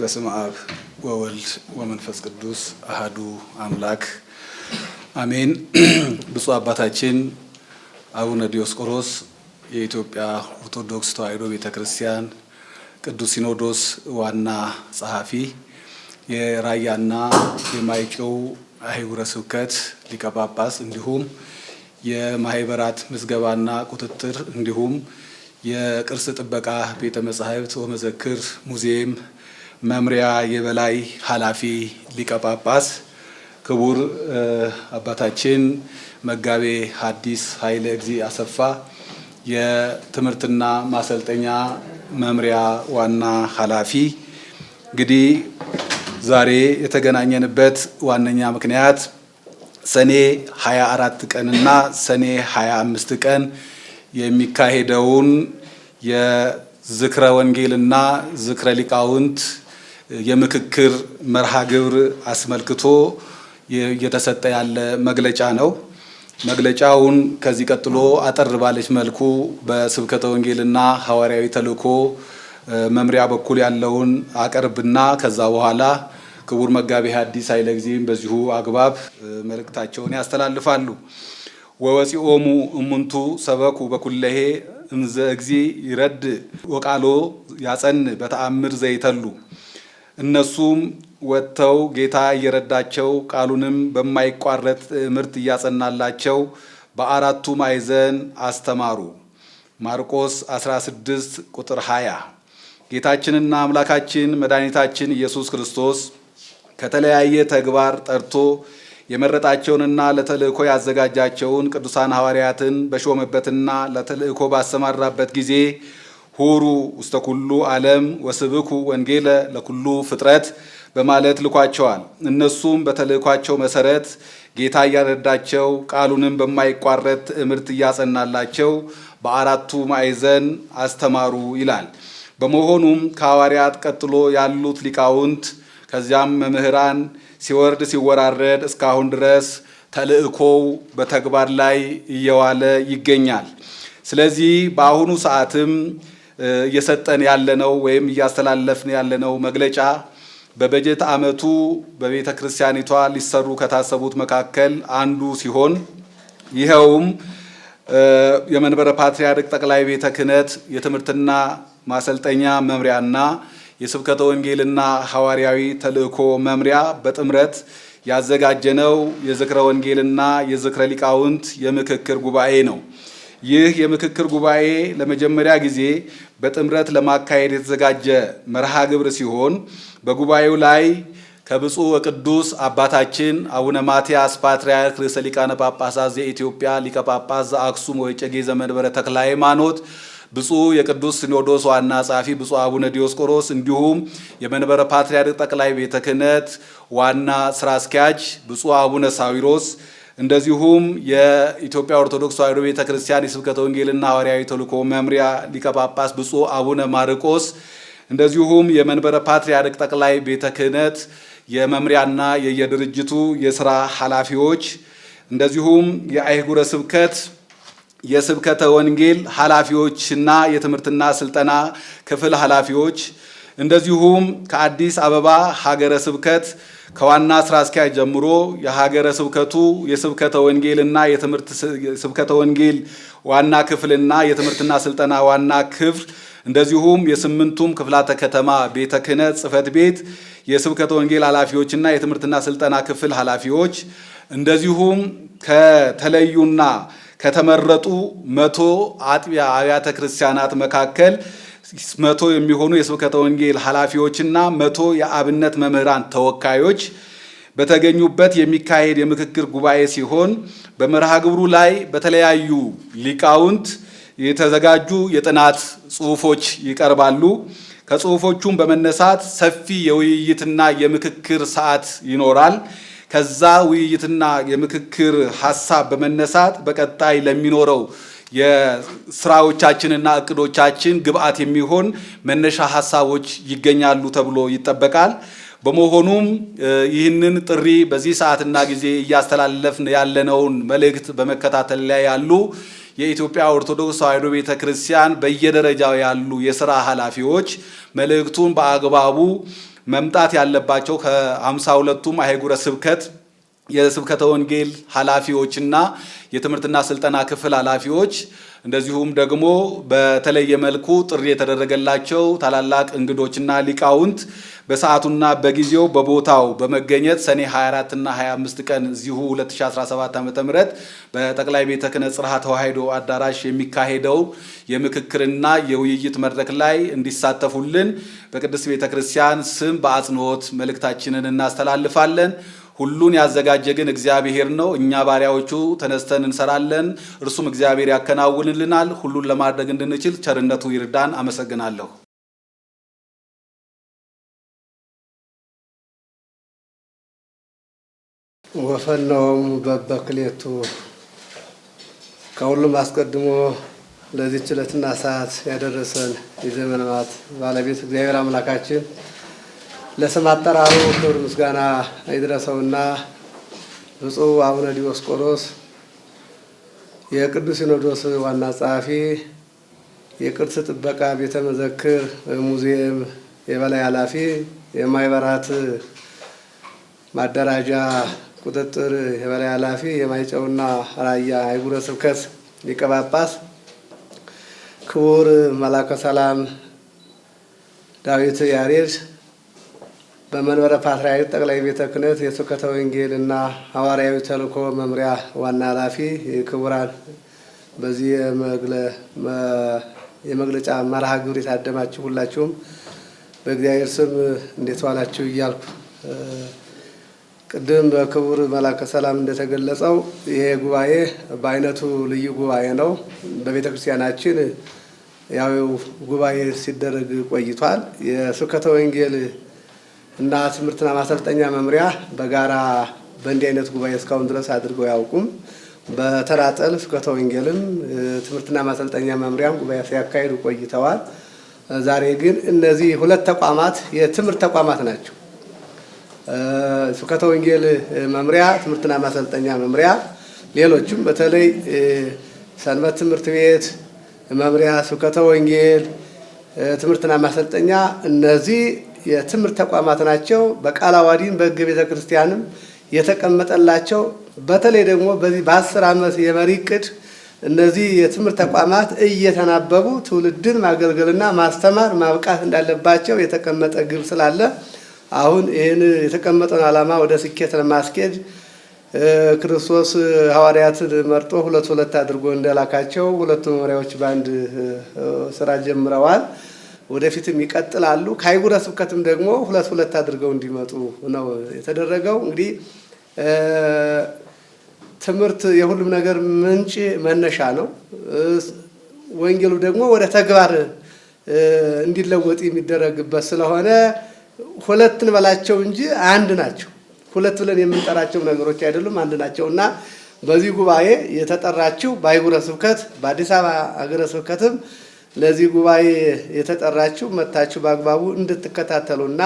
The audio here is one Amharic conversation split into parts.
በስም አብ ወወልድ ወመንፈስ ቅዱስ አህዱ አምላክ አሜን። ብፁዕ አባታችን አቡነ ዲዮስቆሮስ የኢትዮጵያ ኦርቶዶክስ ተዋሕዶ ቤተ ክርስቲያን ቅዱስ ሲኖዶስ ዋና ጸሐፊ፣ የራያና የማይጨው አህጉረ ስብከት ሊቀ ጳጳስ እንዲሁም የማህበራት ምዝገባና ቁጥጥር እንዲሁም የቅርስ ጥበቃ ቤተ መጻሕፍት ወመዘክር ሙዚየም መምሪያ የበላይ ኃላፊ ሊቀ ጳጳስ ክቡር አባታችን መጋቤ ሐዲስ ኃይለ እግዚ አሰፋ የትምህርትና ማሰልጠኛ መምሪያ ዋና ኃላፊ እንግዲህ ዛሬ የተገናኘንበት ዋነኛ ምክንያት ሰኔ 24 ቀንና ሰኔ 25 ቀን የሚካሄደውን የዝክረ ወንጌልና ዝክረ ሊቃውንት የምክክር መርሃ ግብር አስመልክቶ እየተሰጠ ያለ መግለጫ ነው። መግለጫውን ከዚህ ቀጥሎ አጠር ባለች መልኩ በስብከተ ወንጌልና ሐዋርያዊ ተልእኮ መምሪያ በኩል ያለውን አቀርብና ከዛ በኋላ ክቡር መጋቢ ሐዲስ ኃይለ ጊዜም በዚሁ አግባብ መልእክታቸውን ያስተላልፋሉ። ወወፂኦሙ እሙንቱ ሰበኩ በኩለሄ እንዘ እግዚ ይረድ ወቃሎ ያጸን በተአምር ዘይተሉ እነሱም ወጥተው ጌታ እየረዳቸው ቃሉንም በማይቋረጥ ትምህርት እያጸናላቸው በአራቱ ማዕዘን አስተማሩ። ማርቆስ 16 ቁጥር 20። ጌታችንና አምላካችን መድኃኒታችን ኢየሱስ ክርስቶስ ከተለያየ ተግባር ጠርቶ የመረጣቸውንና ለተልእኮ ያዘጋጃቸውን ቅዱሳን ሐዋርያትን በሾመበትና ለተልእኮ ባሰማራበት ጊዜ ሁሩ ውስተ ኩሉ ዓለም ወስብኩ ወንጌለ ለኩሉ ፍጥረት በማለት ልኳቸዋል። እነሱም በተልእኳቸው መሰረት ጌታ እያረዳቸው ቃሉንም በማይቋረጥ ትምህርት እያጸናላቸው በአራቱ ማዕዘን አስተማሩ ይላል። በመሆኑም ከሐዋርያት ቀጥሎ ያሉት ሊቃውንት ከዚያም መምህራን ሲወርድ ሲወራረድ እስካሁን ድረስ ተልእኮው በተግባር ላይ እየዋለ ይገኛል። ስለዚህ በአሁኑ ሰዓትም እየሰጠን ያለነው ወይም እያስተላለፍን ያለነው መግለጫ በበጀት ዓመቱ በቤተ ክርስቲያኒቷ ሊሰሩ ከታሰቡት መካከል አንዱ ሲሆን ይኸውም የመንበረ ፓትርያርክ ጠቅላይ ቤተ ክህነት የትምህርትና ማሰልጠኛ መምሪያና የስብከተ ወንጌልና ሐዋርያዊ ተልእኮ መምሪያ በጥምረት ያዘጋጀነው የዝክረ ወንጌልና የዝክረ ሊቃውንት የምክክር ጉባኤ ነው። ይህ የምክክር ጉባኤ ለመጀመሪያ ጊዜ በጥምረት ለማካሄድ የተዘጋጀ መርሃ ግብር ሲሆን በጉባኤው ላይ ከብፁዕ ወቅዱስ አባታችን አቡነ ማትያስ ፓትርያርክ ርዕሰ ሊቃነ ጳጳሳት ዘኢትዮጵያ ሊቀ ጳጳስ ዘአክሱም ወዕጨጌ ዘመንበረ ተክለ ሃይማኖት ብፁዕ የቅዱስ ሲኖዶስ ዋና ጸሐፊ ብፁዕ አቡነ ዲዮስቆሮስ እንዲሁም የመንበረ ፓትርያርክ ጠቅላይ ቤተ ክህነት ዋና ስራ አስኪያጅ ብፁዕ አቡነ ሳዊሮስ እንደዚሁም የኢትዮጵያ ኦርቶዶክስ ተዋሕዶ ቤተ ክርስቲያን የስብከተ ወንጌልና ሐዋርያዊ ተልእኮ መምሪያ ሊቀ ጳጳስ ብፁዕ አቡነ ማርቆስ እንደዚሁም የመንበረ ፓትርያርክ ጠቅላይ ቤተ ክህነት የመምሪያና የየድርጅቱ የስራ ኃላፊዎች እንደዚሁም የአህጉረ ስብከት የስብከተ ወንጌል ኃላፊዎችና የትምህርትና ስልጠና ክፍል ኃላፊዎች እንደዚሁም ከአዲስ አበባ ሀገረ ስብከት ከዋና ስራ አስኪያጅ ጀምሮ የሀገረ ስብከቱ የስብከተ ወንጌልና የትምህርት ስብከተ ወንጌል ዋና ክፍልና የትምህርትና ስልጠና ዋና ክፍል እንደዚሁም የስምንቱም ክፍላተ ከተማ ቤተ ክህነት ጽሕፈት ቤት የስብከተ ወንጌል ኃላፊዎችና የትምህርትና ስልጠና ክፍል ኃላፊዎች እንደዚሁም ከተለዩና ከተመረጡ መቶ አጥቢያ አብያተ ክርስቲያናት መካከል መቶ የሚሆኑ የስብከተ ወንጌል ኃላፊዎችና መቶ የአብነት መምህራን ተወካዮች በተገኙበት የሚካሄድ የምክክር ጉባኤ ሲሆን በመርሃ ግብሩ ላይ በተለያዩ ሊቃውንት የተዘጋጁ የጥናት ጽሁፎች ይቀርባሉ። ከጽሁፎቹም በመነሳት ሰፊ የውይይትና የምክክር ሰዓት ይኖራል። ከዛ ውይይትና የምክክር ሀሳብ በመነሳት በቀጣይ ለሚኖረው የስራዎቻችንና እቅዶቻችን ግብአት የሚሆን መነሻ ሀሳቦች ይገኛሉ ተብሎ ይጠበቃል። በመሆኑም ይህንን ጥሪ በዚህ ሰዓትና ጊዜ እያስተላለፍን ያለነውን መልእክት በመከታተል ላይ ያሉ የኢትዮጵያ ኦርቶዶክስ ተዋሕዶ ቤተ ክርስቲያን በየደረጃው ያሉ የስራ ኃላፊዎች መልእክቱን በአግባቡ መምጣት ያለባቸው ከአምሳ ሁለቱም አህጉረ ስብከት የስብከተ ወንጌል ኃላፊዎችና የትምህርትና ስልጠና ክፍል ኃላፊዎች እንደዚሁም ደግሞ በተለየ መልኩ ጥሪ የተደረገላቸው ታላላቅ እንግዶችና ሊቃውንት በሰዓቱና በጊዜው በቦታው በመገኘት ሰኔ 24 እና 25 ቀን እዚሁ 2017 ዓ ም በጠቅላይ ቤተ ክህነት ጽርሐ ተዋሕዶ አዳራሽ የሚካሄደው የምክክርና የውይይት መድረክ ላይ እንዲሳተፉልን በቅድስት ቤተ ክርስቲያን ስም በአጽንኦት መልእክታችንን እናስተላልፋለን። ሁሉን ያዘጋጀ ግን እግዚአብሔር ነው። እኛ ባሪያዎቹ ተነስተን እንሰራለን፣ እርሱም እግዚአብሔር ያከናውንልናል። ሁሉን ለማድረግ እንድንችል ቸርነቱ ይርዳን። አመሰግናለሁ። ወፈነውም በበክሌቱ ከሁሉም አስቀድሞ ለዚህ ችለትና ሰዓት ያደረሰን የዘመናት ባለቤት እግዚአብሔር አምላካችን ለስም አጠራሩ ክብር ምስጋና ይድረሰውና ብፁዕ አቡነ ዲዮስቆሮስ የቅዱስ ሲኖዶስ ዋና ጸሐፊ፣ የቅርስ ጥበቃ ቤተ መዘክር ሙዚየም የበላይ ኃላፊ፣ የማይበራት ማደራጃ ቁጥጥር የበላይ ኃላፊ፣ የማይጨውና ራያ አህጉረ ስብከት ሊቀ ጳጳስ፣ ክቡር መላከ ሰላም ዳዊት ያሬድ በመንበረ ፓትርያርክ ጠቅላይ ቤተ ክህነት የስብከተ ወንጌል እና ሐዋርያዊ ተልእኮ መምሪያ ዋና ኃላፊ ክቡራን፣ በዚህ የመግለጫ መርሃ ግብር የታደማችሁ ሁላችሁም በእግዚአብሔር ስም እንዴት ዋላችሁ እያልኩ ቅድም በክቡር መላከ ሰላም እንደተገለጸው ይሄ ጉባኤ በአይነቱ ልዩ ጉባኤ ነው። በቤተ ክርስቲያናችን ያው ጉባኤ ሲደረግ ቆይቷል። የስብከተ ወንጌል እና ትምህርትና ማሰልጠኛ መምሪያ በጋራ በእንዲህ አይነት ጉባኤ እስካሁን ድረስ አድርገው አያውቁም። በተራጠል ስብከተ ወንጌልም ትምህርትና ማሰልጠኛ መምሪያም ጉባኤ ሲያካሂዱ ቆይተዋል። ዛሬ ግን እነዚህ ሁለት ተቋማት የትምህርት ተቋማት ናቸው። ስብከተ ወንጌል መምሪያ፣ ትምህርትና ማሰልጠኛ መምሪያ፣ ሌሎችም በተለይ ሰንበት ትምህርት ቤት መምሪያ፣ ስብከተ ወንጌል፣ ትምህርትና ማሰልጠኛ እነዚህ የትምህርት ተቋማት ናቸው። በቃለ ዓዋዲም በሕገ ቤተ ክርስቲያንም የተቀመጠላቸው በተለይ ደግሞ በዚህ በአስር ዓመት የመሪ እቅድ እነዚህ የትምህርት ተቋማት እየተናበቡ ትውልድን ማገልገልና ማስተማር ማብቃት እንዳለባቸው የተቀመጠ ግብ ስላለ አሁን ይህን የተቀመጠውን ዓላማ ወደ ስኬት ለማስኬድ ክርስቶስ ሐዋርያትን መርጦ ሁለት ሁለት አድርጎ እንደላካቸው ሁለቱ መሪያዎች በአንድ ስራ ጀምረዋል። ወደፊትም ይቀጥላሉ። ከአህጉረ ስብከትም ደግሞ ሁለት ሁለት አድርገው እንዲመጡ ነው የተደረገው። እንግዲህ ትምህርት የሁሉም ነገር ምንጭ መነሻ ነው። ወንጌሉ ደግሞ ወደ ተግባር እንዲለወጥ የሚደረግበት ስለሆነ ሁለትን በላቸው እንጂ አንድ ናቸው። ሁለት ብለን የምንጠራቸው ነገሮች አይደሉም፣ አንድ ናቸው እና በዚህ ጉባኤ የተጠራችው በአህጉረ ስብከት በአዲስ አበባ አገረ ስብከትም ለዚህ ጉባኤ የተጠራችሁ መታችሁ በአግባቡ እንድትከታተሉና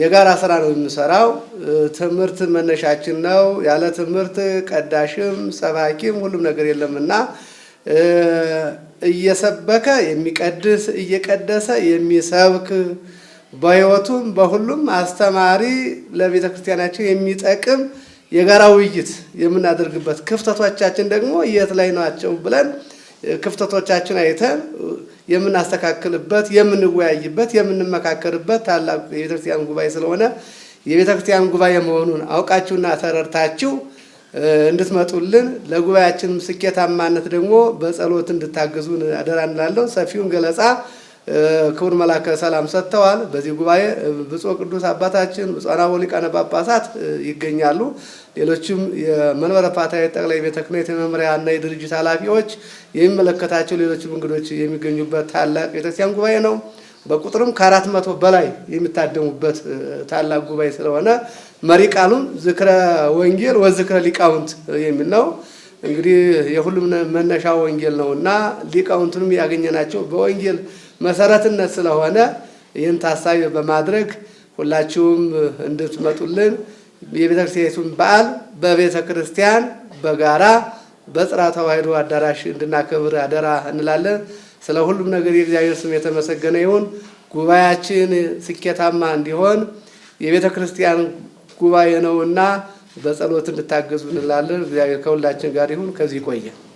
የጋራ ስራ ነው የምንሰራው። ትምህርት መነሻችን ነው። ያለ ትምህርት ቀዳሽም ሰባኪም ሁሉም ነገር የለምና እየሰበከ የሚቀድስ እየቀደሰ የሚሰብክ በህይወቱም በሁሉም አስተማሪ ለቤተ ክርስቲያናችን የሚጠቅም የጋራ ውይይት የምናደርግበት ክፍተቶቻችን ደግሞ የት ላይ ናቸው ብለን ክፍተቶቻችን አይተን የምናስተካክልበት፣ የምንወያይበት፣ የምንመካከርበት ታላቅ የቤተክርስቲያን ጉባኤ ስለሆነ የቤተክርስቲያን ጉባኤ መሆኑን አውቃችሁና ተረድታችሁ እንድትመጡልን ለጉባኤያችን ስኬታማነት ደግሞ በጸሎት እንድታግዙን አደራ እንላለሁ። ሰፊውን ገለጻ ክቡር መላከ ሰላም ሰጥተዋል። በዚህ ጉባኤ ብፁዕ ቅዱስ አባታችን ብፁዓን አበው ሊቃነ ጳጳሳት ይገኛሉ። ሌሎችም የመንበረ ፓትርያርክ ጠቅላይ ቤተ ክህነት እና የድርጅት ኃላፊዎች፣ የሚመለከታቸው ሌሎችም እንግዶች የሚገኙበት ታላቅ ቤተክርስቲያን ጉባኤ ነው። በቁጥርም ከአራት መቶ በላይ የሚታደሙበት ታላቅ ጉባኤ ስለሆነ መሪ ቃሉም ዝክረ ወንጌል ወዝክረ ሊቃውንት የሚል ነው። እንግዲህ የሁሉም መነሻ ወንጌል ነው እና ሊቃውንቱንም ያገኘናቸው በወንጌል መሰረትነት ስለሆነ ይህን ታሳቢ በማድረግ ሁላችሁም እንድትመጡልን የቤተ ክርስቲያኒቱን በዓል በቤተ ክርስቲያን በጋራ በጽርሐ ተዋሕዶ አዳራሽ እንድናከብር አደራ እንላለን። ስለ ሁሉም ነገር የእግዚአብሔር ስም የተመሰገነ ይሁን። ጉባኤያችን ስኬታማ እንዲሆን የቤተ ክርስቲያን ጉባኤ ነውና በጸሎት እንድታገዙ እንላለን። እግዚአብሔር ከሁላችን ጋር ይሁን። ከዚህ ይቆየን።